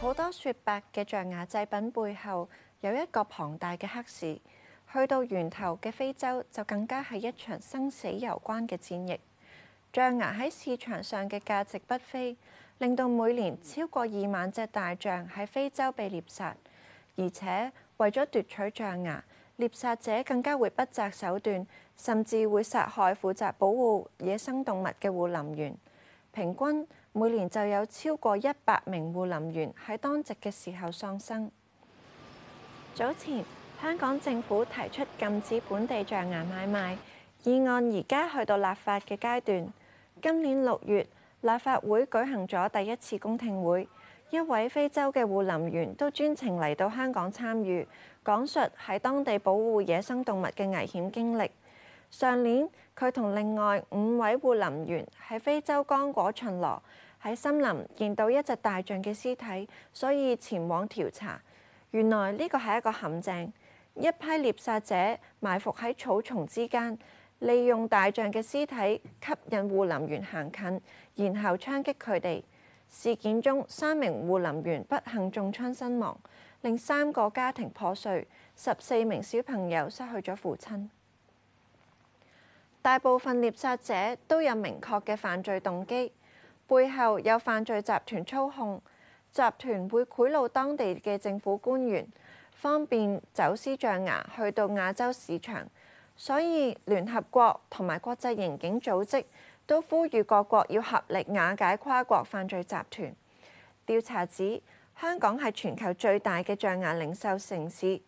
好多雪白嘅象牙製品背後有一個龐大嘅黑市，去到源頭嘅非洲就更加係一場生死攸關嘅戰役。象牙喺市場上嘅價值不菲，令到每年超過二萬隻大象喺非洲被獵殺，而且為咗奪取象牙，獵殺者更加會不擇手段，甚至會殺害負責保護野生動物嘅護林員。平均每年就有超過一百名護林員喺當值嘅時候喪生。早前香港政府提出禁止本地象牙買賣議案，而家去到立法嘅階段。今年六月，立法會舉行咗第一次公聽會。一位非洲嘅護林員都專程嚟到香港參與，講述喺當地保護野生動物嘅危險經歷。上年佢同另外五位護林員喺非洲剛果巡邏，喺森林見到一隻大象嘅屍體，所以前往調查。原來呢個係一個陷阱，一批獵殺者埋伏喺草叢之間，利用大象嘅屍體吸引護林員行近，然後槍擊佢哋。事件中，三名護林員不幸中槍身亡，令三個家庭破碎，十四名小朋友失去咗父親。大部分獵殺者都有明確嘅犯罪動機，背後有犯罪集團操控，集團會賄賂當地嘅政府官員，方便走私象牙去到亞洲市場。所以，聯合國同埋國際刑警組織都呼籲各國要合力瓦解跨國犯罪集團。調查指香港係全球最大嘅象牙零售城市，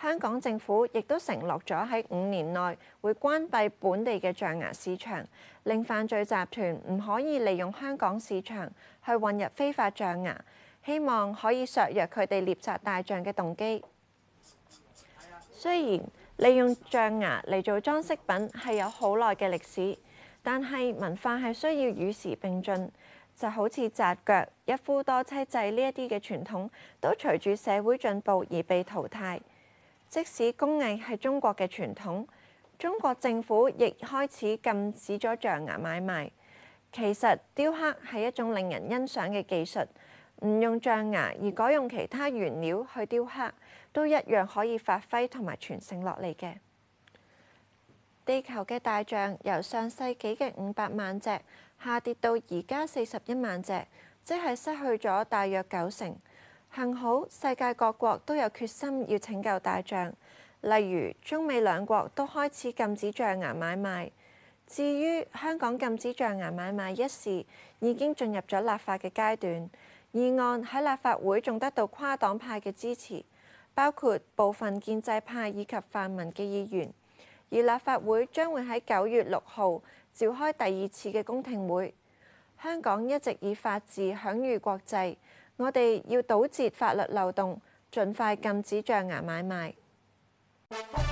香港政府亦都承諾咗喺五年內會關閉本地嘅象牙市場，令犯罪集團唔可以利用香港市場去混入非法象牙，希望可以削弱佢哋獵殺大象嘅動機。雖然利用象牙嚟做裝飾品係有好耐嘅歷史，但係文化係需要與時並進，就好似紮腳一夫多妻制呢一啲嘅傳統都隨住社會進步而被淘汰。即使工藝係中國嘅傳統，中國政府亦開始禁止咗象牙買賣。其實雕刻係一種令人欣賞嘅技術。唔用象牙而改用其他原料去雕刻，都一樣可以發揮同埋傳承落嚟嘅。地球嘅大象由上世紀嘅五百萬隻下跌到而家四十一萬隻，即係失去咗大約九成。幸好世界各國都有決心要拯救大象，例如中美兩國都開始禁止象牙買賣。至於香港禁止象牙買賣一事，已經進入咗立法嘅階段。議案喺立法會仲得到跨黨派嘅支持，包括部分建制派以及泛民嘅議員。而立法會將會喺九月六號召開第二次嘅公聽會。香港一直以法治享譽國際，我哋要堵截法律漏洞，盡快禁止象牙買賣。